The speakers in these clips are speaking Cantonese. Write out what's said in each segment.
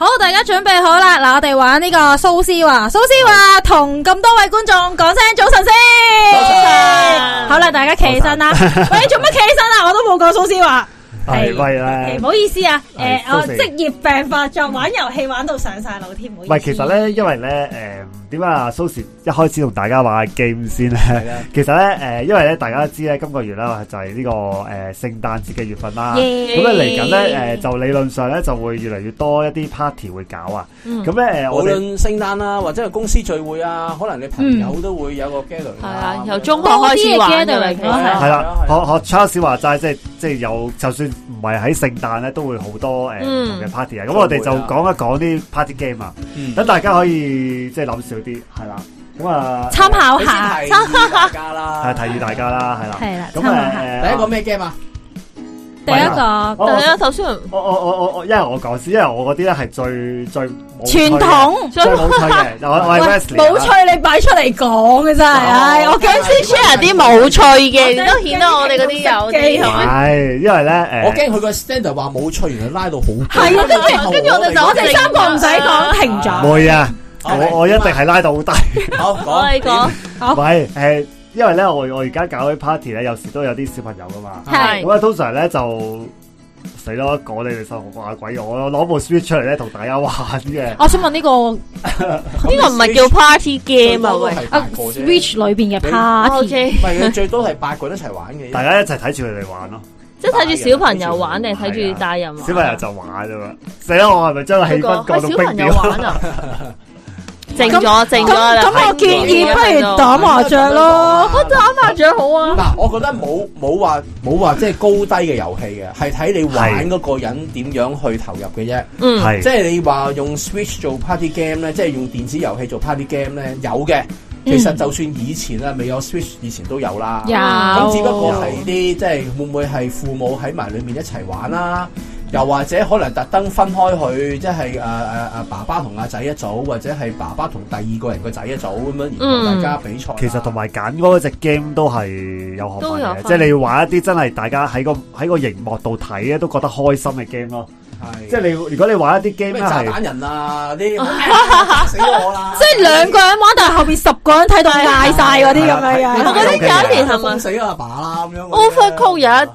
好，大家準備好啦！嗱、這個，我哋玩呢個蘇詩華，蘇詩華同咁多位觀眾講聲早晨先。早晨。好啦，大家企起身啦。早晨 喂，做乜企起身啊？我都冇講蘇詩華。係啦。唔好意思啊。誒、 呃，我職業病發作， 玩遊戲玩到上晒腦添。唔好意思。喂，其實咧，因為咧，誒、呃。點啊！Sosze，一開始同大家玩下 game 先咧。其實咧，誒，因為咧，大家都知咧，今個月咧就係呢個誒聖誕節嘅月份啦。咁咧嚟緊咧，誒，就理論上咧就會越嚟越多一啲 party 會搞啊。咁咧，無論聖誕啦，或者係公司聚會啊，可能你朋友都會有個 gather。係啊，由中學開始 gather 嚟嘅係啦。學學 Charles 話齋，即係即係有，就算唔係喺聖誕咧，都會好多誒嘅 party 啊。咁我哋就講一講啲 party game 啊。等大家可以即係諗下。啲係啦，咁啊，參考下，提議大家啦，係提議大家啦，係啦。係啦。咁誒，第一個咩 game 啊？第一個，第一首先，我我我我我，因為我講先，因為我嗰啲咧係最最傳統，喂，冇趣你擺出嚟講嘅真係，我驚先 share 啲冇趣嘅，都顯得我哋嗰啲有機。係，因為咧誒，我驚佢個 standard 話冇趣，然後拉到好。係啊，跟住跟住我哋就我哋三個唔使講停咗。唔會啊。我我一定係拉到好低，好講，喂，誒，因為咧，我我而家搞啲 party 咧，有時都有啲小朋友噶嘛，係，咁啊，通常咧就死咯，講你哋受下鬼我咯，攞部 Switch 出嚟咧同大家玩嘅。我想問呢個呢個唔係叫 party game 啊喂，Switch 裏邊嘅 party，唔係，最多係八個人一齊玩嘅，大家一齊睇住佢哋玩咯。即係睇住小朋友玩定睇住大人啊？小朋友就玩啫嘛，死咯，我係咪真係喜歡小朋友玩啊？靜咗，靜咗啦。咁我建議不如是是打麻雀咯，打麻雀好啊。嗱、嗯，我覺得冇冇話冇話即係高低嘅遊戲嘅，係睇你玩嗰個人點樣去投入嘅啫。係，即、嗯、係你話用 Switch 做 party game 咧，即係用電子遊戲做 party game 咧，有嘅。其實就算以前啊，未、嗯、有 Switch，以前都有啦。咁有只不過係啲即係會唔會係父母喺埋裏面一齊玩啦、啊？又或者可能特登分開去，即係誒誒誒，爸爸同阿仔一組，或者係爸爸同第二個人個仔一組咁樣，而大家比賽。嗯、其實同埋揀嗰隻 game 都係有學問嘅，即係你玩一啲真係大家喺個喺個熒幕度睇咧都覺得開心嘅 game 咯。係的，即係你如果你玩一啲 game，咩炸彈人啊，啲死我啦！ 即係兩個人玩，但係後邊十個人睇到係嗌曬嗰啲咁樣嘅。 看我覺得有一年係戱死阿爸啦咁樣。Overcooked。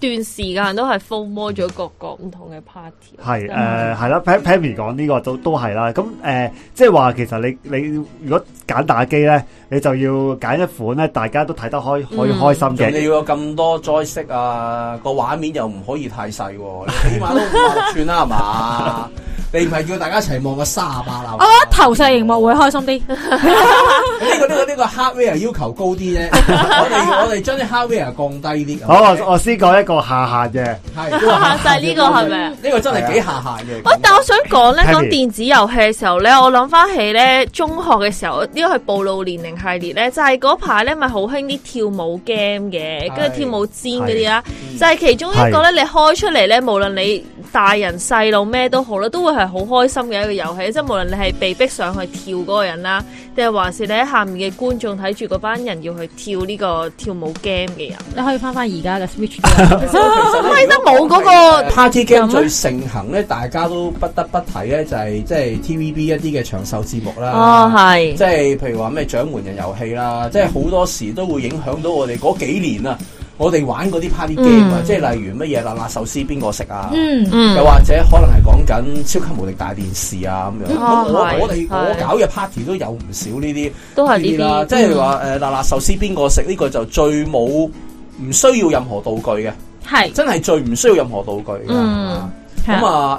段時間都係覆摸咗各個唔同嘅 party，係誒係啦 P, Pammy 講呢個都都係啦。咁誒、呃，即係話其實你你如果揀打機咧，你就要揀一款咧，大家都睇得開可以開心嘅。嗯、你要有咁多裝飾啊，個畫面又唔可以太細，啊， 你起碼都五六寸啦，係嘛。 你唔係叫大家一齊望個三廿八樓？我投射熒幕會開心啲。呢個呢個呢個 hardware 要求高啲啫。我哋我哋將啲 hardware 降低啲。好，我我先講一個下下嘅。係下晒呢個係咪？呢個真係幾下下嘅。我但我想講咧，講電子遊戲嘅時候咧，我諗翻起咧中學嘅時候，呢個係暴露年齡系列咧，就係嗰排咧，咪好興啲跳舞 game 嘅，跟住跳舞尖嗰啲啦，就係其中一個咧，你開出嚟咧，無論你。大人細路咩都好啦，都會係好開心嘅一個遊戲，即係無論你係被逼上去跳嗰個人啦，定係還是你喺下面嘅觀眾睇住嗰班人要去跳呢個跳舞 game 嘅人，你可以翻翻而家嘅 Switch，其實冇嗰、那個 party game、那個、最盛行咧，大家都不得不提咧，嗯、就係即係 TVB 一啲嘅長壽節目啦，哦、啊，即係譬如話咩獎門人遊戲啦，嗯、即係好多時都會影響到我哋嗰幾年啊。我哋玩嗰啲 party game 啊，即係例如乜嘢辣辣壽司邊個食啊？嗯嗯，又或者可能係講緊超級無敵大電視啊咁樣。我我哋我搞嘅 party 都有唔少呢啲，都係啲啦。即係話誒辣辣壽司邊個食呢個就最冇唔需要任何道具嘅，係真係最唔需要任何道具嘅。嗯，咁啊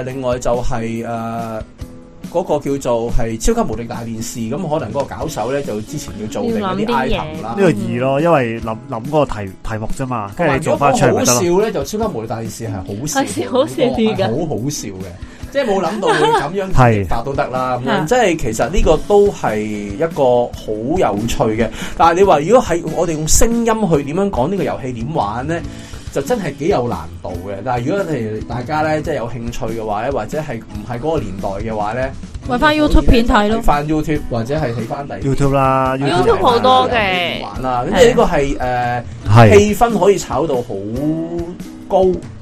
誒，另外就係誒。嗰個叫做係《超級無敵大電視》，咁可能嗰個搞手咧就之前要做定嗰啲 I 圖啦，呢個易咯，因為諗諗嗰個題題目啫嘛，跟住有做翻出嚟就得啦。如果好笑咧，就《超級無敵大電視》係好笑，好笑啲嘅，好好笑嘅，即係冇諗到咁樣發都得啦。咁即係其實呢個都係一個好有趣嘅。但係你話如果係我哋用聲音去點樣講呢個遊戲點玩咧？就真係幾有難度嘅，但係如果你哋大家咧，即係有興趣嘅話咧，或者係唔係嗰個年代嘅話咧，揾翻 YouTube 片睇咯，揾 YouTube you you 或者係起翻第 YouTube 啦，YouTube 好、啊、多嘅玩啦，咁即係呢個係誒、呃、的氣氛可以炒到好。高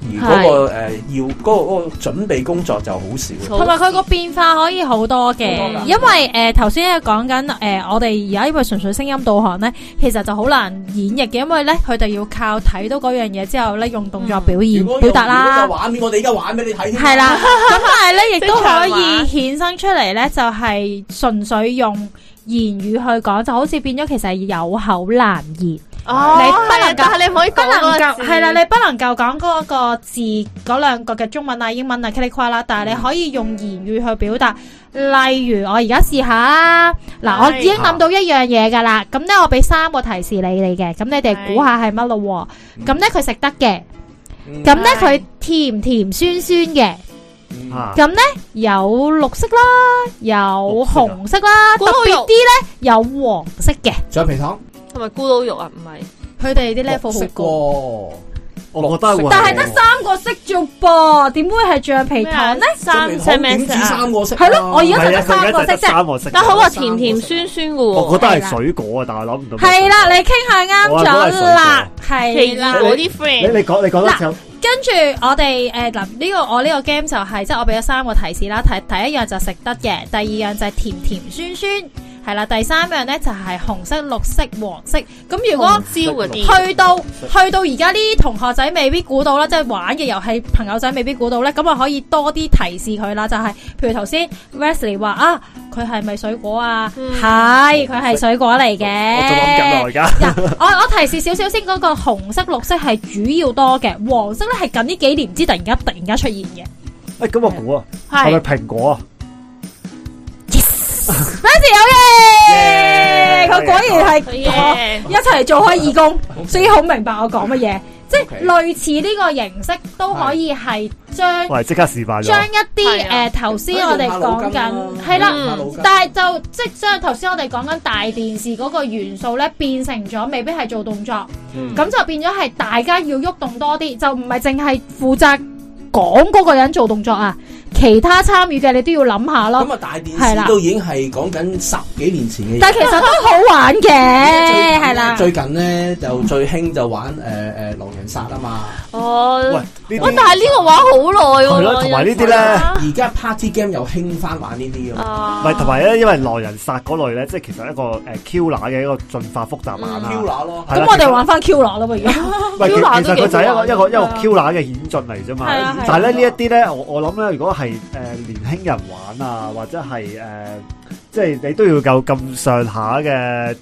而嗰、那個誒是、呃、要、那個、那個準備工作就好少，同埋佢個變化可以好多嘅，嗯、因為誒頭先係講緊誒我哋而家因為純粹聲音導航咧，其實就好難演繹嘅，因為咧佢哋要靠睇到嗰樣嘢之後咧用動作表現表達啦，嗯、個畫面我哋而家玩俾你睇，係啦的，咁 但係咧亦都可以衍生出嚟咧，就係純粹用言語去講，就好似變咗其實有口難言。哦，你不能夠，但係你可以講嗰個字係啦，你不能夠講嗰個字嗰兩個嘅中文啊、英文啊、佢哋啦，但係你可以用言語去表達。例如我而家試下嗱，我已經諗到一樣嘢噶啦，咁咧我俾三個提示你哋嘅，咁你哋估下係乜咯？咁咧佢食得嘅，咁咧佢甜甜酸酸嘅，咁咧有綠色啦，有紅色啦，特別啲咧有黃色嘅，橡皮糖。係咪咕嚕肉啊？唔係，佢哋啲 level 好高。我我得會，但係得三個色做噃，點會係橡皮糖咧？三，三咩色？點止三個色？係咯，我而家就得三個色啫。三個色。但好啊，甜甜酸酸嘅。我覺得係水果啊，但係諗唔到。係啦，你傾下啱咗啦，係啦。我啲 friend，你講你講得。跟住我哋誒嗱，呢個我呢個 game 就係即係我俾咗三個提示啦。提第一樣就食得嘅，第二樣就係甜甜酸酸。係啦，第三樣咧就係、是、紅色、綠色、黃色。咁如果去到去到而家呢啲同學仔未必估到啦，即係玩嘅遊戲朋友仔未必估到咧，咁我可以多啲提示佢啦。就係、是、譬如頭先 Wesley 話啊，佢係咪水果啊？係、嗯，佢係水果嚟嘅。我諗咁耐，而 家我我提示少少先，嗰、那個紅色、綠色係主要多嘅，黃色咧係近呢幾年唔知突然間突然間出現嘅。誒、欸，咁我估啊，係咪蘋果啊？咩事？好嘅，佢果然係同我一齊做開義工，所以好明白我講乜嘢，即係類似呢個形式都可以係將，喂，即刻示範，將一啲誒頭先我哋講緊係啦，但係就即將頭先我哋講緊大電視嗰個元素咧，變成咗未必係做動作，咁就變咗係大家要喐動多啲，就唔係淨係負責講嗰個人做動作啊。其他參與嘅你都要諗下咯。咁啊，大電視都已經係講緊十幾年前嘅。但係其實都好玩嘅，係啦。最近咧的就最興就玩誒誒、呃、狼人殺啊嘛。哦、呃。喂哇！但係呢個玩好耐喎，同埋呢啲咧，而家 party game 又興翻玩呢啲唔係，同埋咧，因為狼人殺嗰類咧，即係其實一個誒 Q 乸嘅一個進化複雜版啦。Q 乸咯，咁我哋玩翻 Q 乸啦，而家。Q 乸就係一個一個一個 Q 乸嘅演進嚟啫嘛。但係咧呢一啲咧，我我諗咧，如果係誒年輕人玩啊，或者係誒，即係你都要夠咁上下嘅。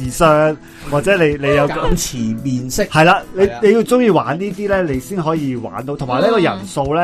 智商或者你你有咁持面色係啦，你你要中意玩呢啲咧，你先可以玩到。同埋呢個人數咧，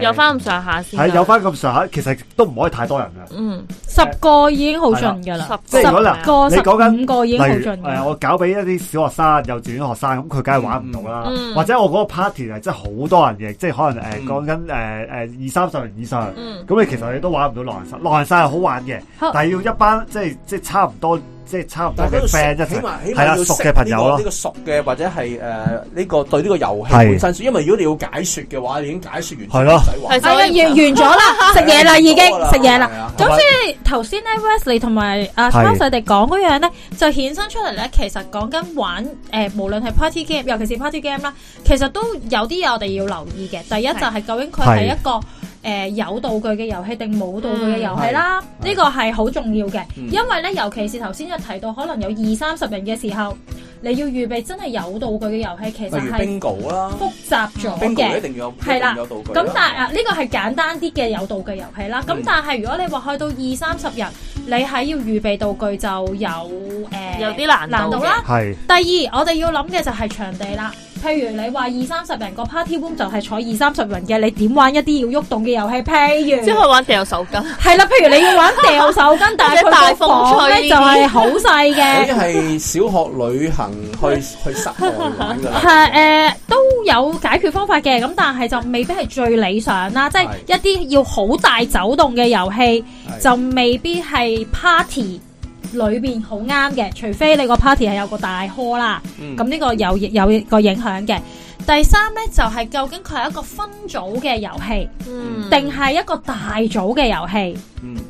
誒有翻咁上下先，係有翻咁上下。其實都唔可以太多人嘅。嗯，十個已經好盡㗎啦，即係如果嗱，你講緊五個已經好盡。係啊，我搞俾一啲小學生、幼稚園學生咁，佢梗係玩唔到啦。或者我嗰個 party 係真係好多人嘅，即係可能誒講緊誒誒二三十人以上。咁你其實你都玩唔到狼人殺。狼人殺係好玩嘅，但係要一班即係即係差唔多。即係差唔多嘅 friend 係啦。熟嘅朋友咯，呢個熟嘅或者係誒呢個對呢個遊戲本身。因為如果你要解説嘅話，已經解説完係咯，係啊，完完咗啦，食嘢啦已經，食嘢啦。咁所以頭先咧，Wesley 同埋阿 Sosze 哋講嗰樣咧，就衍生出嚟咧。其實講緊玩誒，無論係 party game，尤其是 party game 啦，其實都有啲嘢我哋要留意嘅。第一就係究竟佢係一個。誒、呃，有道具嘅遊戲定冇道具嘅遊戲啦？呢、嗯、個係好重要嘅，嗯、因為咧，尤其是頭先一提到可能有二三十人嘅時候，你要預備真係有道具嘅遊戲，其實係複雜咗嘅。係啦，咁但係啊，呢個係簡單啲嘅有道具嘅遊戲啦。咁但係、啊這個嗯、如果你話去到二三十人，你係要預備道具就有誒、呃、有啲難度難度啦。係的。第二，我哋要諗嘅就係場地啦。譬如你話二三十人個 party room 就係坐二三十人嘅，你點玩一啲要喐動嘅遊戲？譬如即係可以玩掉手巾。係啦， 譬如你要玩掉手巾， 但係大風吹咧就係好細嘅。係小學旅行去 去室內，誒，uh, uh, 都有解決方法嘅，咁但係就未必係最理想啦。即係一啲要好大走動嘅遊戲， 就未必係 party。裏面好啱嘅，除非你個 party 係有個大 hall 啦，咁呢、嗯、個有有個影響嘅。第三呢，就係、是、究竟佢係一個分組嘅遊戲，定係、嗯、一個大組嘅遊戲？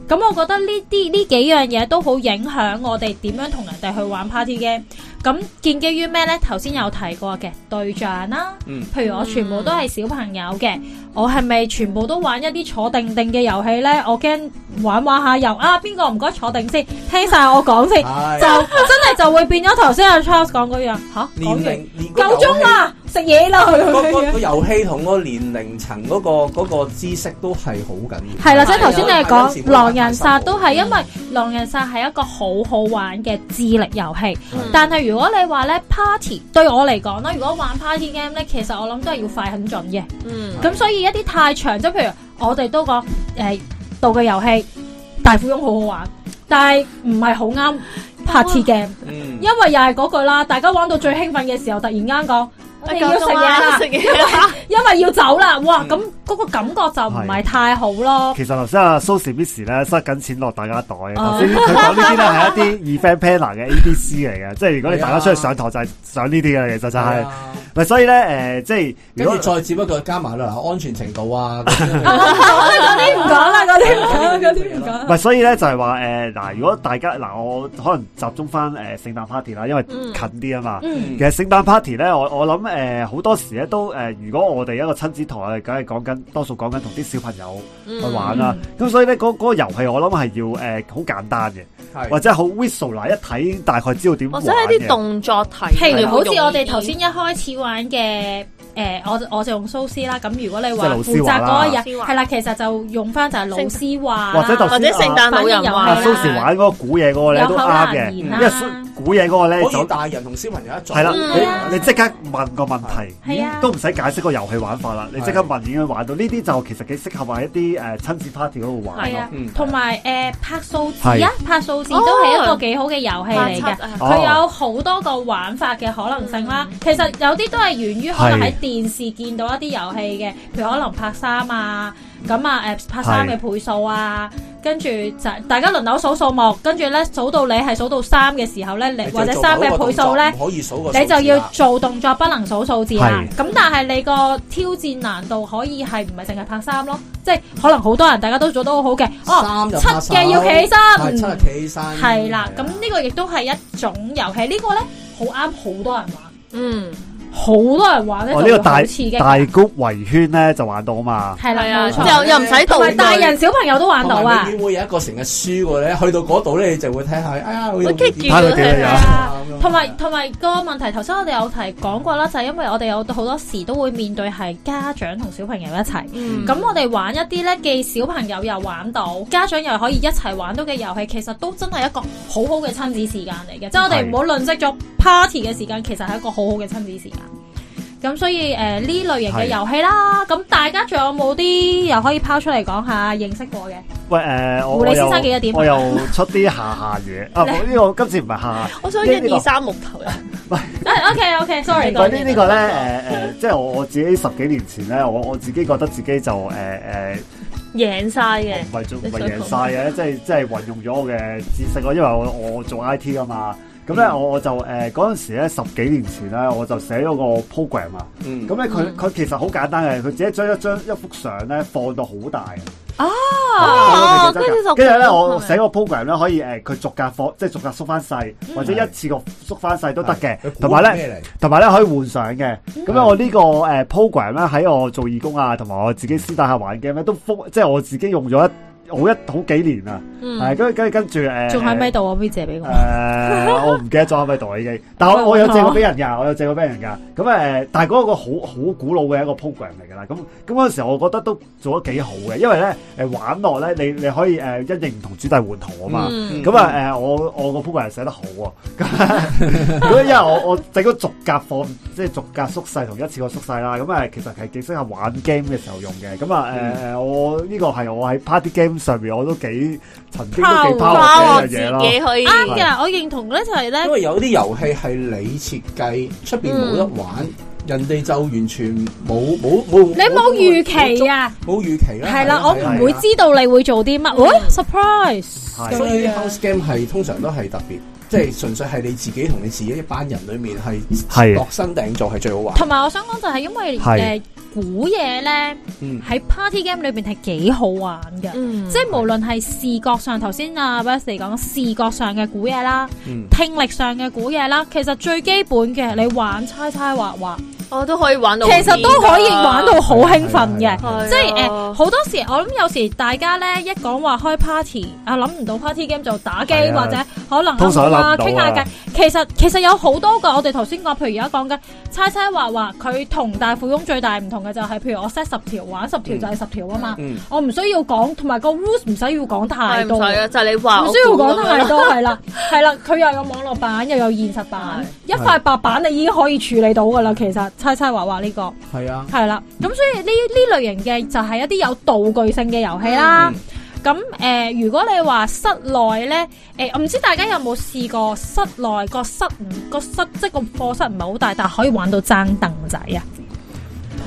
咁、嗯、我覺得呢啲呢幾樣嘢都好影響我哋點樣同人哋去玩 party game。咁建基於咩呢？頭先有提過嘅對象啦，啊嗯、譬如我全部都係小朋友嘅，嗯、我係咪全部都玩一啲坐定定嘅遊戲呢？我驚玩玩下又啊，邊個唔該坐定先，聽晒我講先， 就 真係就會變咗頭先阿 Charles 講嗰樣，好、啊、講連完夠鐘啦。食嘢咯！嗰個遊戲同嗰個年齡層嗰、嗰個嗰個知識都係好緊要，係啦。 即係頭先你係講狼人殺，都係因為狼人殺係一個好好玩嘅智力遊戲。嗯、但係如果你話咧 party 對我嚟講咧，如果玩 party game 咧，其實我諗都係要快很準嘅。嗯。咁所以一啲太長，即譬如我哋都講誒道具遊戲大富翁好好玩，但係唔係好啱 party game，啊嗯、因為又係嗰句啦，大家玩到最興奮嘅時候，突然間講。我要食嘢啦，食嘢，因為要走啦，哇！咁嗰個感覺就唔係太好咯。其實頭先阿 Sosze miss 咧塞緊錢落大家袋，頭先佢講呢啲咧係一啲 event panel 嘅 A B C 嚟嘅，即係如果你大家出去上台就係上呢啲嘅，其實就係咪？所以咧，誒，即係跟住再接不個加埋啦，安全程度啊，嗰啲唔講啦，嗰啲嗰啲唔講。咪所以咧就係話誒，嗱，如果大家嗱，我可能集中翻誒聖誕 party 啦，因為近啲啊嘛。其實聖誕 party 咧，我我諗。誒，好、呃、多時咧都誒、呃，如果我哋一個親子台，梗係講緊，多數講緊同啲小朋友去玩啦、啊。咁、嗯、所以咧，嗰嗰、嗰個遊戲我諗係要誒，好、呃、簡單嘅，是或者好 visual 嗱，一睇大概知道點玩嘅。我想啲動作題，譬如好似我哋頭先一開始玩嘅。嗯嗯嗯誒，我我就用數字啦。咁如果你話負責嗰日係啦，其實就用翻就係老師話，或者或者聖誕老人話啦。數字玩嗰個估嘢嗰個咧都啱嘅，因為估嘢嗰個咧就大人同小朋友一組。係啦，你你即刻問個問題，都唔使解釋個遊戲玩法啦。你即刻問已經玩到呢啲就其實幾適合話一啲誒親子 party 嗰度玩咯。同埋誒拍數字啊，拍數字都係一個幾好嘅遊戲嚟嘅，佢有好多個玩法嘅可能性啦。其實有啲都係源於可能喺，電視見到一啲遊戲嘅，譬如可能拍三啊，咁啊，誒拍三嘅倍數啊，跟住就大家輪流數數目，跟住咧數到你係數到三嘅時候咧，或者三嘅倍數咧，可以數你就要做動作，不能數數字。係咁，但係你個挑戰難度可以係唔係淨係拍三咯，即係可能好多人大家都做得好好嘅。哦，七嘅要企身，係七要起身，係啦。咁呢個亦都係一種遊戲，呢個咧好啱好多人玩，嗯。好多人玩咧，好刺激！哦，這個、大，大谷圍圈咧就玩到啊嘛，係啦、嗯，又又唔使同大人該小朋友都玩到啊！點會有一個成日輸嘅咧？去到嗰度咧，你就會睇下，哎呀，好驚住同埋同埋個問題，頭先我哋有提講過啦，就是，因為我哋有好多時都會面對係家長同小朋友一齊，咁、嗯、我哋玩一啲咧既小朋友又玩到，家長又可以一齊玩到嘅遊戲，其實都真係一個好好嘅親子時間嚟嘅，即、就、係、是、我哋唔好論識咗。的 party 嘅時間其實係一個好好嘅親子時間，咁所以誒呢類型嘅遊戲啦，咁大家仲有冇啲又可以拋出嚟講下認識過嘅？喂誒，我胡利先生幾個點？我又出啲下下嘢啊！呢個今次唔係下我想一二三木頭人。喂，OK OK，sorry。嗰啲呢個咧，誒誒，即係我我自己十幾年前咧，我我自己覺得自己就誒誒贏晒嘅，唔係唔係贏晒嘅，即係即係運用咗我嘅知識咯，因為我我做 IT 噶嘛。咁咧，我我就誒嗰陣時咧，十幾年前咧，我就寫咗個 program、嗯、啊。咁咧、嗯，佢佢其實好簡單嘅，佢自己將一張一幅相咧放到好大啊。跟住咧，嗯、我寫個 program 咧，可以誒佢逐格放，即係逐格縮翻細，或者一次過縮翻細都得嘅。同埋咧，同埋咧，可以換相嘅。咁咧，我呢個誒 program 咧，喺我做義工啊，同埋我自己私底下玩嘅咩，都覆即係我自己用咗好一好幾年啊。係、嗯啊，跟跟跟住，誒、呃，仲喺咩度啊？我可唔可以借俾我？誒 呃，我唔記得咗喺咩度已經，但係我， 我有借過俾人噶，我有借過俾人噶，咁誒，但係嗰個好好古老嘅一個 program 嚟噶啦。咁咁嗰陣時，我覺得都做得幾好嘅，因為咧，誒、呃、玩落咧，你你可以誒、呃、一啲唔同主題換圖啊嘛，咁、嗯嗯呃、啊，誒我我個 program 係寫得好喎，如果 因為我我整咗逐格放，即係逐格縮細同一次過縮細啦，咁啊，其實係幾適合玩 game 嘅時候用嘅，咁啊，誒、呃呃，我呢個係我喺 party game 上面我都幾。曾經都幾自己去。嘢咯，啱嘅我認同咧就係咧，因為有啲遊戲係你設計出面冇得玩，人哋就完全冇冇冇，你冇預期啊，冇預期啦。係啦，我唔會知道你會做啲乜，喂，surprise。所以啲 house game 係通常都係特別，即係純粹係你自己同你自己一班人裏面係度身訂做，係最好玩。同埋我想講就係因為誒。估嘢咧，喺、嗯、Party Game 裏邊係幾好玩嘅，嗯、即係無論係視覺上，頭先阿 Wesley 嚟講，視覺上嘅估嘢啦，嗯、聽力上嘅估嘢啦，其實最基本嘅，你玩猜猜畫畫。我、哦、都可以玩到，其實都可以玩到好興奮嘅，啊啊、即係誒好多時我諗有時大家咧一講話開 party 啊諗唔到 party game 就打機、啊、或者可能啊傾下偈，其實其實有好多個我哋頭先講，譬如而家講緊猜猜話話佢同大富翁最大唔同嘅就係、是，譬如我 set 十條玩十條就係十條啊嘛，嗯、我唔需要講，同埋個 rules 唔使要講太多，唔就係你話唔需要講太多係啦，係啦， 佢又有網絡版又有現實版，嗯、一塊白板你已經可以處理到噶啦，其實。猜猜畫畫呢個係是啊，係啦，咁所以呢呢類型嘅就係一啲有道具性嘅遊戲啦。咁誒、嗯嗯嗯嗯，如果你話室內咧，誒、嗯，我唔知大家有冇試過室內個室個室即係個課室唔係好大，但係可以玩到爭凳仔啊。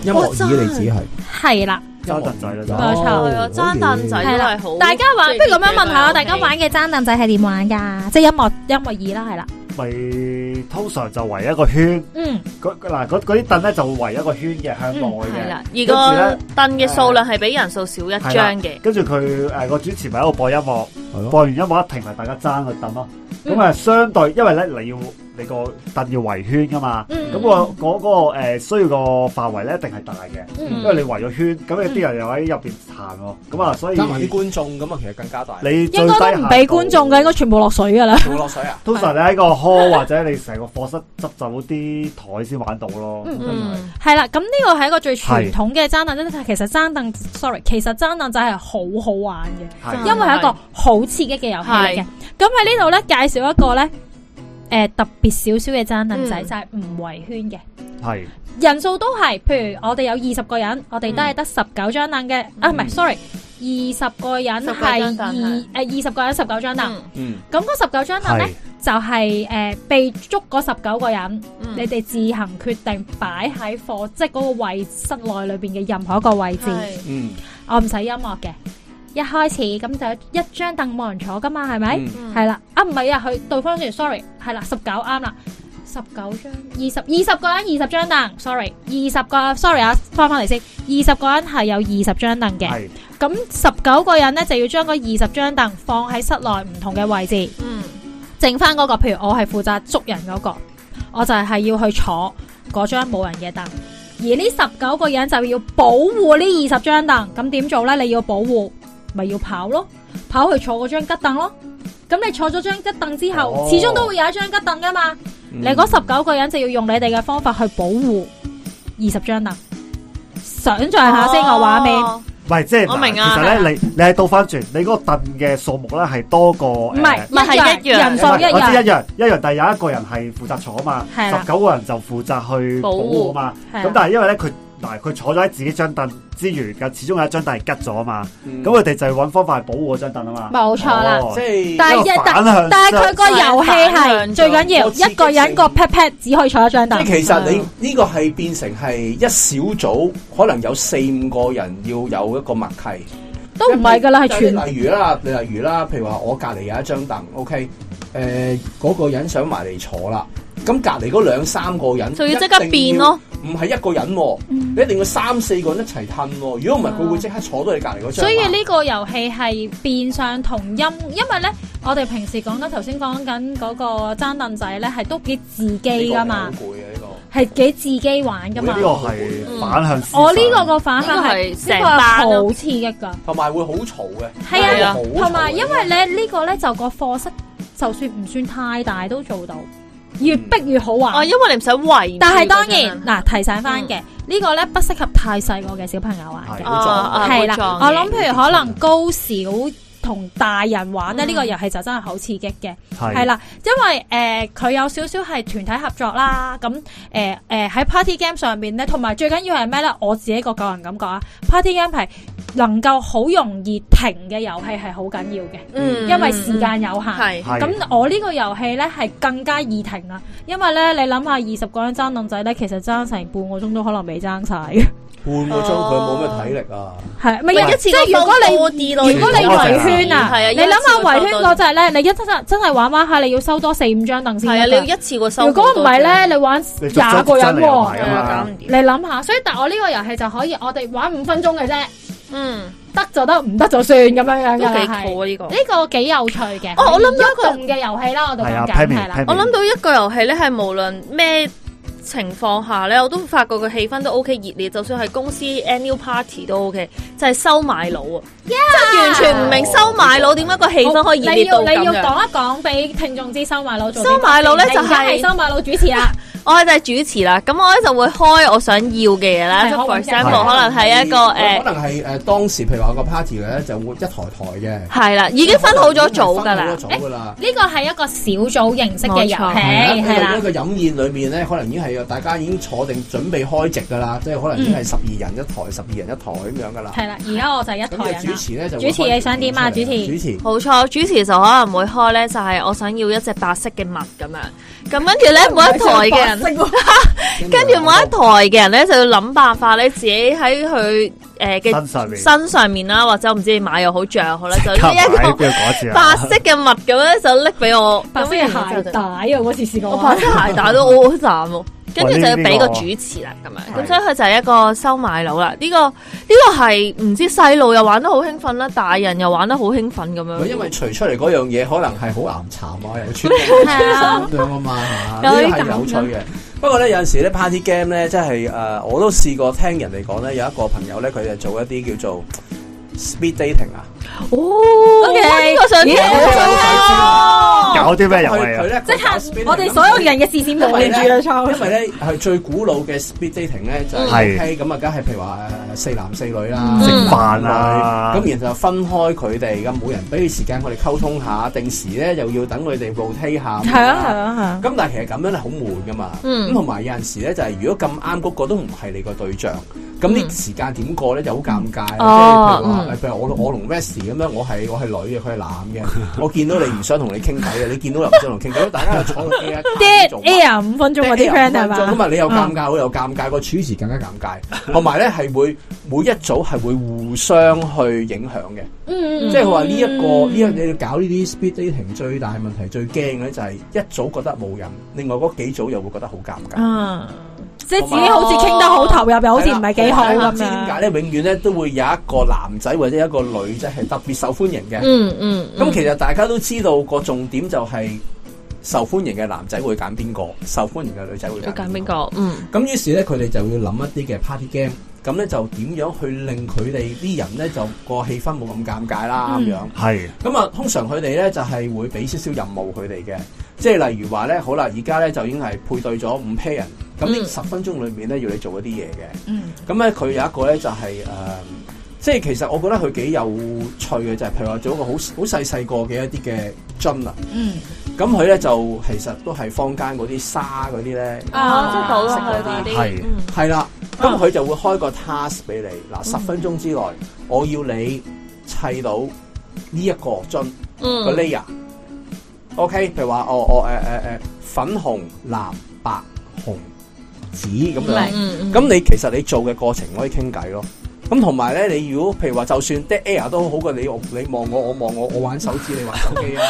有以你只係係啦，爭凳仔啦，冇錯，爭凳仔係好。大家玩不如咁樣問下，啊 okay、大家玩嘅爭凳仔係點玩噶？即、就、係、是、音樂音樂椅啦，係啦、啊。咪通常就圍一個圈，嗯，嗰嗱啲凳咧就會圍一個圈嘅向內嘅，跟住咧凳嘅數量係比人數少一張嘅，跟住佢誒個主持咪喺度播音樂，的播完音樂一停咪大家爭個凳咯，咁啊、嗯、相對因為咧你要。個特要圍圈噶嘛，咁個個誒需要個範圍咧一定係大嘅，因為你圍咗圈，咁你啲人又喺入邊彈喎，咁啊所以加埋啲觀眾，咁啊其實更加大。你應該唔俾觀眾嘅，應該全部落水噶啦。全部落水啊！通常你喺個 hall 或者你成個課室執走啲台先玩到咯，真係。係啦，咁呢個係一個最傳統嘅爭凳，其實爭凳，sorry，其實爭凳仔係好好玩嘅，因為係一個好刺激嘅遊戲嚟嘅。咁喺呢度咧，介紹一個咧。誒，特別少少嘅爭凳仔就係唔圍圈嘅，係是人數都係，譬如我哋有二十個人，我哋都係得、嗯啊、十九張凳嘅，啊唔係，sorry，二十個人係二誒二十個人十九張凳，嗯，咁嗰十九張凳咧就係、是、誒、呃、被捉嗰十九個人，嗯、你哋自行決定擺喺課，即係嗰個位室內裏邊嘅任何一個位置，是嗯，我唔使音樂嘅。一開始咁就一張凳冇人坐噶嘛，係咪？係啦、嗯，啊唔係啊，佢對方說 sorry，係啦，十九啱啦，十九張二十二十個人二十張凳，sorry，二十個 sorry 啊翻翻嚟先，二十個人係有二十張凳嘅，咁十九個人呢，就要將個二十張凳放喺室內唔同嘅位置，嗯，剩翻嗰個譬如我係負責捉人嗰個，我就係要去坐嗰張冇人嘅凳，而呢十九個人就要保護呢二十張凳，咁點做呢？你要保護。咪要跑咯，跑去坐嗰張吉凳咯。咁你坐咗張吉凳之後，始終都會有一張吉凳噶嘛。你嗰十九個人就要用你哋嘅方法去保護二十張凳。想象下先個畫面，唔係即係，我明啊，其實咧你你係倒翻轉，你嗰個凳嘅數目咧係多過唔係唔係係一樣人數一樣，我知一樣一樣，但係有一個人係負責坐啊嘛，十九個人就負責去保護啊嘛。咁但係因為咧佢。但係佢坐咗喺自己張凳之餘，咁始終有一張凳係吉咗啊嘛。咁佢哋就係揾方法嚟保護嗰張凳啊嘛。冇錯啦，哦、即係是、就是。但係反向，但係佢個遊戲係最緊要一個人個 pat pat 只可以坐一張凳。張其實你呢個係變成係一小組，的可能有四五個人要有一個默契。都唔係噶啦，係全例。例如啦，你例如啦，譬如話我隔離有一張凳，OK，誒、呃、嗰、那個人想埋嚟坐啦，咁隔離嗰兩三個人要就要即刻變咯。唔係一個人、哦，嗯、你一定要三四個人一齊褪、哦。如果唔係，佢會即刻坐到你隔離嗰張。嗯、所以呢個遊戲係變相同音，因為咧，啊、我哋平時講緊頭先講緊嗰個爭凳仔咧，係都幾自己噶嘛。攰啊呢、呢個！係幾自己玩噶嘛？呢、哎呢個係反向思、嗯。我呢個個反向係成班、嗯、啊，好刺激噶。同埋會好嘈嘅。係啊，同埋因為咧呢、呢個咧就、呢個課室，就算唔算太大都做到。越逼越好玩哦，因為你唔使圍，但係當然嗱、啊、提醒翻嘅、嗯、呢個咧，不適合太細個嘅小朋友玩嘅，係、啊啊、啦、啊、我諗譬如可能高小。同大人玩咧，呢個遊戲就真係好刺激嘅，係啦，因為誒佢有少少係團體合作啦，咁誒誒喺 party game 上面咧，同埋最緊要係咩咧？我自己個個人感覺啊，party game 係能夠好容易停嘅遊戲係好緊要嘅。嗯，因為時間有限，咁我呢個遊戲咧係更加易停啦，因為咧你諗下二十個人爭凳仔咧，其實爭成半個鐘都可能未爭晒嘅，半個鐘佢冇咩體力啊，係咪一次？即係如果你如果你圈啊，係啊，你諗下圍圈個真係咧，你一真真真係玩玩下，你要收多四五張凳先。係啊，你要一次過收。如果唔係咧，你玩廿個人喎，你諗下，所以但係我呢個遊戲就可以，我哋玩五分鐘嘅啫，嗯，得就得，唔得就算咁樣樣嘅，都幾好啊，呢個呢個幾有趣嘅。哦，我諗到一個動嘅遊戲啦，我哋講緊係啦，我諗到一個遊戲咧係無論咩情況下咧，我都發覺個氣氛都 O K 熱烈，就算係公司 annual party 都 O K，就係收買佬啊！即係完全唔明收買佬點解個氣氛可以熱烈到咁樣。你要你要講一講俾聽眾知收買佬做咩？收買佬咧就係我而家係收買佬主持啦，我係就係主持啦。咁我咧就會開我想要嘅嘢啦。For example，可能係一個誒，可能係誒當時譬如話個 party 咧就會一台台嘅。係啦，已經分好咗組㗎啦。分好咗組㗎啦。呢個係一個小組形式嘅遊戲係啦。喺一個飲宴裏面咧，可能已經係。大家已經坐定準備開席噶啦，即係可能已經係十二人一台，十二人一台咁樣噶、嗯、啦。係啦，而家我就係一台。主持咧就主持，你想點啊？主持主持，冇錯，主持就可能會開咧，就係我想要一隻白色嘅襪咁樣。咁跟住咧，每一台嘅人，跟住每一台嘅人咧，就要諗辦法你自己喺佢。誒，嘅身上面啦，或者我唔知你買又好着好啦，就呢一個白色嘅襪咁樣，就拎俾我。白色鞋帶啊，我試過我白色鞋帶都好難。跟住就要俾個主持啦，咁樣。咁所以佢就係一個收買佬啦。呢個呢個係唔知細路又玩得好興奮啦，大人又玩得好興奮咁樣。因為除出嚟嗰樣嘢，可能係好難尋啊，又出係有有趣嘅。不過咧，有陣時咧，Party Game 咧，即係誒，我都試過聽人哋講咧，有一個朋友咧，佢就做一啲叫做。Speed dating 啊？哦，OK，呢個想，好想啊！搞啲咩遊戲啊？即係我哋所有人嘅視線範圍咧，因為咧係最古老嘅 speed dating 咧就係咁啊，梗係譬如話誒四男四女啦，食飯啦，咁然後分開佢哋，咁每人俾啲時間佢哋溝通下，定時咧又要等佢哋 rotate 下，係啊係啊係。咁但係其實咁樣咧好悶噶嘛，咁同埋有陣時咧就係如果咁啱嗰個都唔係你個對象。咁啲時間點過咧就好尷尬，譬如話，譬如我我同 Wesley 咁樣，我係我係女嘅，佢係男嘅，我見到你唔想同你傾偈嘅，你見到又唔想同傾偈，大家坐喺啲 Air 五分鐘嗰啲 friend 係嘛？咁啊你又尷尬，我又尷尬，個處事更加尷尬，同埋咧係會每一組係會互相去影響嘅。即係佢話呢一個呢，你要搞呢啲 speed dating 最大問題最驚咧，就係一早覺得冇人，另外嗰幾組又會覺得好尷尬。即係、啊、有自己好似傾得好投、哦、入好好，又好似唔係幾好咁點解咧？有是是永遠咧都會有一個男仔或者一個女仔係特別受歡迎嘅、嗯。嗯嗯。咁其實大家都知道個重點就係受歡迎嘅男仔會揀邊個，受歡迎嘅女仔會揀邊個。嗯。咁於是咧，佢哋就要諗一啲嘅 party game。咁咧就點樣去令佢哋啲人咧就個氣氛冇咁尷尬啦，咁樣。係。咁啊，通常佢哋咧就係會俾少少任務佢哋嘅，即係例如話咧，好啦，而家咧就已經係配對咗五 pair 人。咁呢十分鐘裏面咧，要你做一啲嘢嘅。嗯。咁咧佢有一個咧就係誒，即係其實我覺得佢幾有趣嘅，就係譬如話做一個好好細細個嘅一啲嘅樽啊。嗯。咁佢咧就其實都係坊間嗰啲沙嗰啲咧。啊，都好啊。係。係啦。咁佢就會開個 task 俾你，嗱，十分鐘之內，我要你砌到呢一個樽、嗯、個 layer。OK，譬如話，我我誒誒誒粉紅、藍、白、紅、紫咁樣。咁你其實你做嘅過程可以傾偈咯。咁同埋咧，你如果你譬如話，就算 The air 都好過你，你望我，我望我，我玩手指，嗯、你玩手機啊。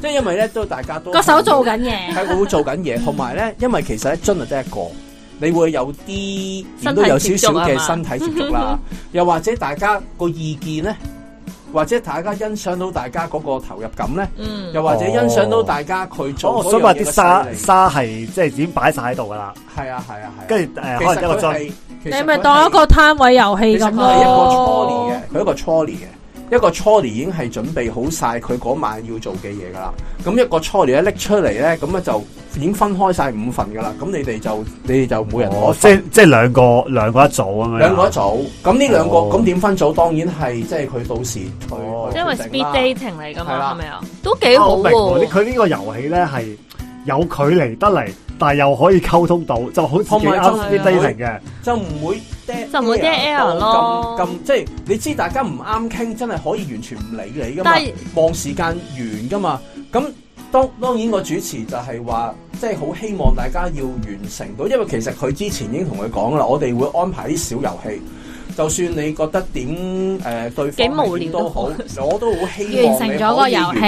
即係 因為咧，都大家都個手做緊嘢，係會做緊嘢。同埋咧，因為其實一樽就得一個。你會有啲，都有少少嘅身體接觸啦，嗯、哼哼又或者大家個意見咧，或者大家欣賞到大家嗰個投入感咧，嗯，又或者欣賞到大家佢做，所以話啲沙沙係即係已經擺晒喺度噶啦，係啊係啊係，跟住誒可能一個樽，你咪當一個攤位遊戲咁樣，一個初年嘅，佢一個初年嘅。哦嗯一個初年已經係準備好晒佢嗰晚要做嘅嘢噶啦，咁一個初年拎出嚟咧，咁啊就已經分開晒五份噶啦，咁你哋就你哋就每人攞、哦。即即兩個兩個一組咁樣。兩個一組，咁呢兩個咁點、哦、分組？當然係即係佢到時佢因為 speed dating 嚟噶嘛，係咪啊？都幾好喎。佢呢個遊戲咧係有距離得嚟，但係又可以溝通到，就好似啱啱啲 dating 嘅，就唔會。就冇 JL 咯，咁即係你知，大家唔啱傾，真係可以完全唔理你噶嘛。望但是 時間完噶嘛，咁當當然個主持就係話，即係好希望大家要完成到，因為其實佢之前已經同佢講啦，我哋會安排啲小遊戲，就算你覺得點誒、呃、對方唔掂都好，我都好希望你可以完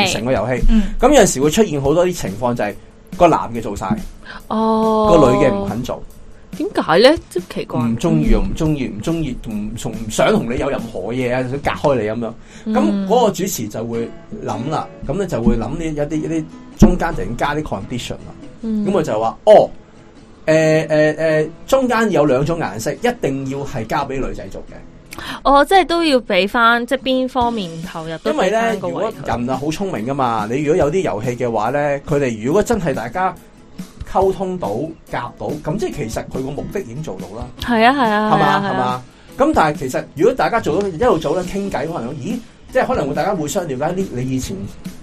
成個遊戲。咁、嗯嗯、有陣時會出現好多啲情況，就係、是、個男嘅做晒，個、oh、女嘅唔肯做。點解咧？咁奇怪？唔中意，又唔中意，唔中意，同從唔想同你有任何嘢啊，想隔開你咁樣。咁嗰、嗯、個主持就會諗啦，咁咧就會諗呢有啲呢啲中間突然加啲 condition 啦。咁我、嗯、就話，哦，誒誒誒，中間有兩種顏色，一定要係交俾女仔做嘅。哦，即係都要俾翻，即係邊方面投入。因為咧，如果人啊好聰明噶嘛，你如果有啲遊戲嘅話咧，佢哋如果真係大家。溝通到夾到，咁即係其實佢個目的已經做到啦。係啊，係啊，係嘛吧，係嘛、啊。咁、啊、但係其實如果大家做到一路做咧傾偈，可能咦，即係可能會大家互相了解啲，你以前誒、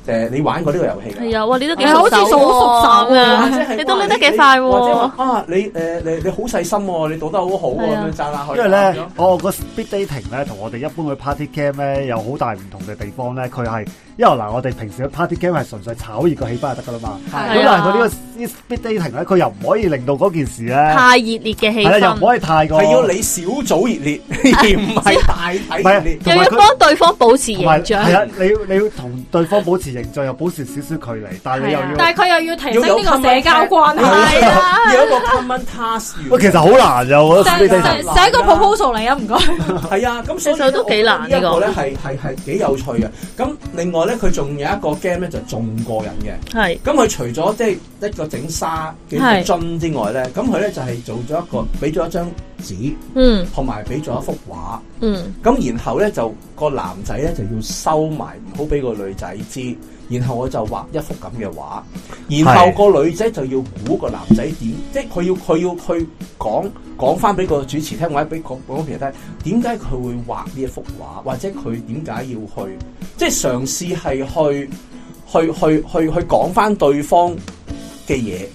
呃、你玩過呢個遊戲。係啊，你都幾熟手啊。你都拎得幾快喎。或者話啊，你誒你你好細心喎，你讀得好好喎，咁樣讚下佢。因為咧，哦個 speed dating 咧，同我哋一般嘅 party game 咧，有好大唔同嘅地方咧，佢係因為嗱，我哋平時嘅 party game 係純粹炒熱個氣氛就得噶啦嘛。咁的但係佢呢個 Speed dating 咧，佢又唔可以令到嗰件事咧，太熱烈嘅氣氛，又唔可以太過，係要你小組熱烈，而唔係大體熱烈，要幫對方保持形象，係啊，你要你要同對方保持形象，又保持少少距離，但係你又要，但係佢又要提升呢個社交關係啊，要一個 common task。喂，其實好難咋，我覺得，寫個 proposal 嚟啊，唔該。係啊，咁想想都幾難呢個咧，係係係幾有趣嘅。咁另外咧，佢仲有一個 game 咧，就仲過癮嘅。係。咁佢除咗即係一個。整沙嘅樽之外咧，咁佢咧就係做咗一個，俾咗一張紙，嗯，同埋俾咗一幅畫，嗯，咁然後咧就個男仔咧就要收埋，唔好俾個女仔知。然後我就畫一幅咁嘅畫，然後個女仔就要估個男仔點，是即係佢要佢要去講講翻俾個主持聽，或者俾講講俾佢聽，點解佢會畫呢一幅畫，或者佢點解要去，即係嘗試係去去去去去講翻對方。嘅嘢，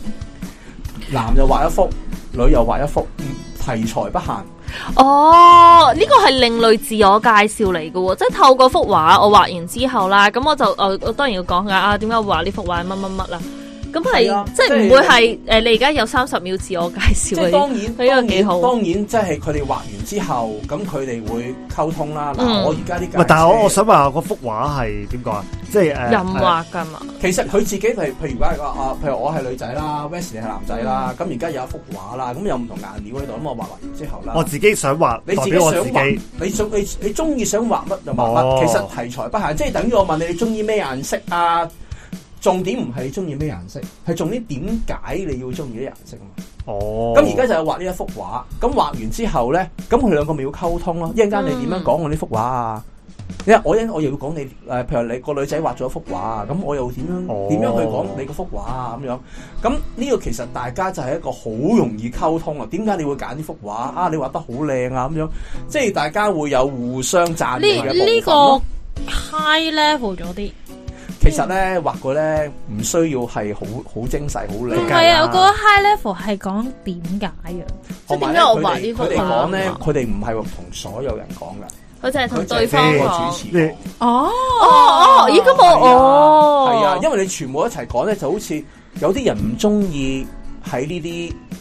男又畫一幅，女又畫一幅，嗯，題材不限。哦，呢個係另類自我介紹嚟嘅，即係透過幅畫，我畫完之後啦，咁我就，我我當然要講下啊，點解畫呢幅畫乜乜乜啦。咁係即係唔會係誒，你而家有三十秒自我介紹。即係當然，當然，當然，即係佢哋畫完之後，咁佢哋會溝通啦。嗱，我而家啲但係我我想話嗰幅畫係點講啊？即係誒，任畫噶嘛？其實佢自己係，譬如講譬如我係女仔啦，Wesley 你係男仔啦，咁而家有一幅畫啦，咁有唔同顏料喺度，咁我畫完之後啦。我自己想畫，你自己想畫，你想你你中意想畫乜就畫乜，其實題材不限。即係等於我問你你中意咩顏色啊？重點唔係你中意咩顏色，係重點點解你要中意啲顏色啊？哦！咁而家就係畫呢一幅畫，咁畫完之後咧，咁佢兩個咪要溝通咯。一陣間你點樣講我呢幅畫啊？嗯、因為我因我又要講你誒、呃，譬如你個女仔畫咗一幅畫啊，咁我又點樣點、哦、樣去講你嗰幅畫啊？咁樣，咁呢個其實大家就係一個好容易溝通啊！點解你會揀呢幅畫啊？你畫得好靚啊！咁樣，即係大家會有互相讚嘅一部分咯。這個、啦 High level 咗啲。其實咧，畫過咧，唔需要係好好精細好靚。係啊，我覺得 high level 係講點解啊，即係點解我畫呢個？講咧，佢哋唔係同所有人講噶，佢就係同對方主持。哦哦哦，而家冇哦，係啊，因為你全部一齊講咧，就好似有啲人唔中意。喺呢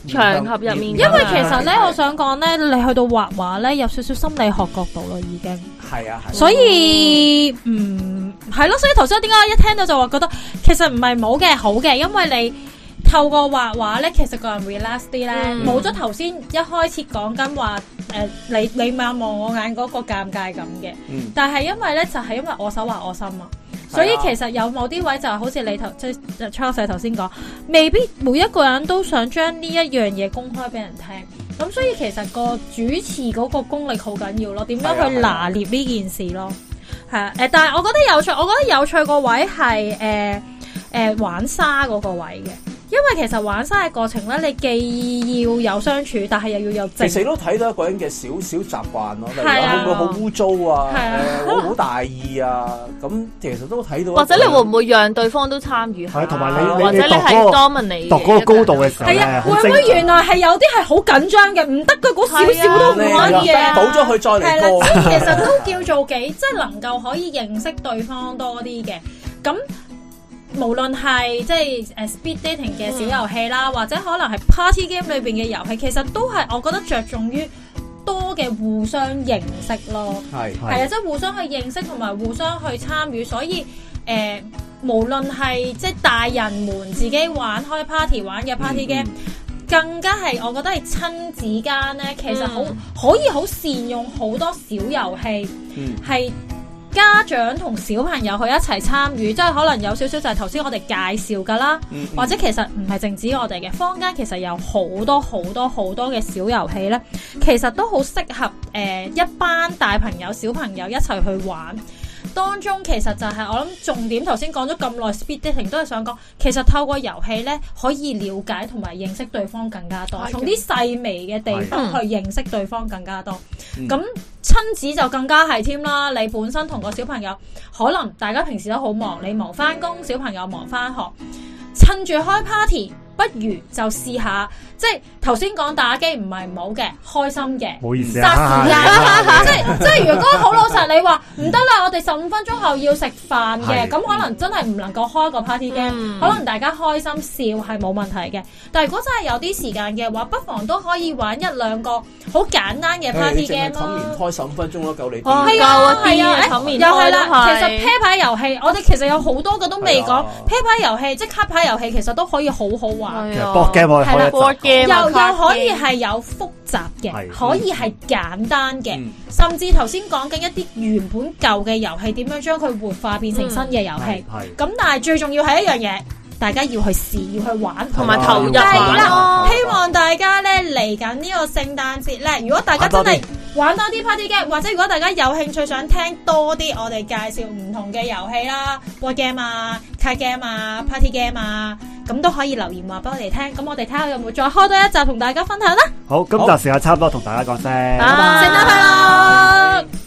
啲場合入面，因為其實咧，對我想講咧，你去到畫畫咧，有少少心理學角度咯，已經係啊，所以唔係咯，所以頭先點解一聽到就話覺得，其實唔係冇嘅，好嘅，因為你透過畫畫咧，其實個人會 relax 啲咧，冇咗頭先一開始講緊話，誒、呃，你你眼望我眼嗰個尷尬感嘅，嗯、但係因為咧，就係、是、因為我手畫我心啊。所以其實有某啲位就好似你頭即係初 h 頭先講，未必每一個人都想將呢一樣嘢公開俾人聽。咁所以其實個主持嗰個功力好緊要咯，點樣去拿捏呢件事咯，係啊。誒， 但係我覺得有趣，我覺得有趣個位係誒誒玩沙嗰個位嘅。因為其實玩沙嘅過程咧，你既要有相處，但係又要有，其實都睇到一個人嘅少少習慣咯。係啊，會唔會好污糟啊？係啊，好大意啊！咁其實都睇到，或者你會唔會讓對方都參與？係，同埋你或者你係多問你，讀個高度嘅，係啊，會唔會原來係有啲係好緊張嘅？唔得個嗰少少都唔可以啊！倒咗佢再嚟。係啦，其實都叫做幾，即係能夠可以認識對方多啲嘅咁。無論係即係、呃、speed dating 嘅小遊戲啦，或者可能係 party game 裏邊嘅遊戲，其實都係我覺得着重於多嘅互相認識咯。係係啊，即係互相去認識同埋互相去參與，所以誒、呃，無論係即係大人們自己玩開 party 玩嘅 party game，、嗯嗯、更加係我覺得係親子間咧，其實好、嗯、可以好善用好多小遊戲，係、嗯。家長同小朋友去一齊參與，即係可能有少少就係頭先我哋介紹㗎啦，mm hmm. 或者其實唔係淨止我哋嘅，坊間其實有好多好多好多嘅小遊戲咧，其實都好適合誒、呃、一班大朋友小朋友一齊去玩。當中其實就係、是、我諗重點，頭先講咗咁耐 Speed dating 都係想講，其實透過遊戲咧可以了解同埋認識對方更加多，從啲細微嘅地方去認識對方更加多。咁親 子就更加係添啦，你本身同個小朋友可能大家平時都好忙，你忙翻工，小朋友忙翻學，趁住開 Party。不如就試下，即係頭先講打機唔係唔好嘅，開心嘅，唔好意思。即係即係，如果好老實，你話唔得啦，我哋十五分鐘後要食飯嘅，咁可能真係唔能夠開個 party game。可能大家開心笑係冇問題嘅，但係如果真係有啲時間嘅話，不妨都可以玩一兩個好簡單嘅 party game 咯。你成日湊棉胎十五分鐘咯，夠你夠啊！夠啊！湊棉胎啦，其實啤牌遊戲，我哋其實有好多嘅都未講啤牌遊戲，即係卡牌遊戲，其實都可以好好。係啊，係啦，又又可以係有複雜嘅，可以係簡單嘅，甚至頭先講緊一啲原本舊嘅遊戲，點樣將佢活化變成新嘅遊戲。係咁，但係最重要係一樣嘢，大家要去試，要去玩，同埋投入咯。希望大家呢，嚟緊呢個聖誕節呢，如果大家真係，玩多啲 party game，或者如果大家有興趣想聽多啲我哋介紹唔同嘅遊戲啦 board game 啊 card game 啊，party game 啊，咁都可以留言話俾我哋聽，咁我哋睇下有冇再開多一集同大家分享啦。好，今集時間差唔多，同大家講聲，拜拜好，聖誕快樂。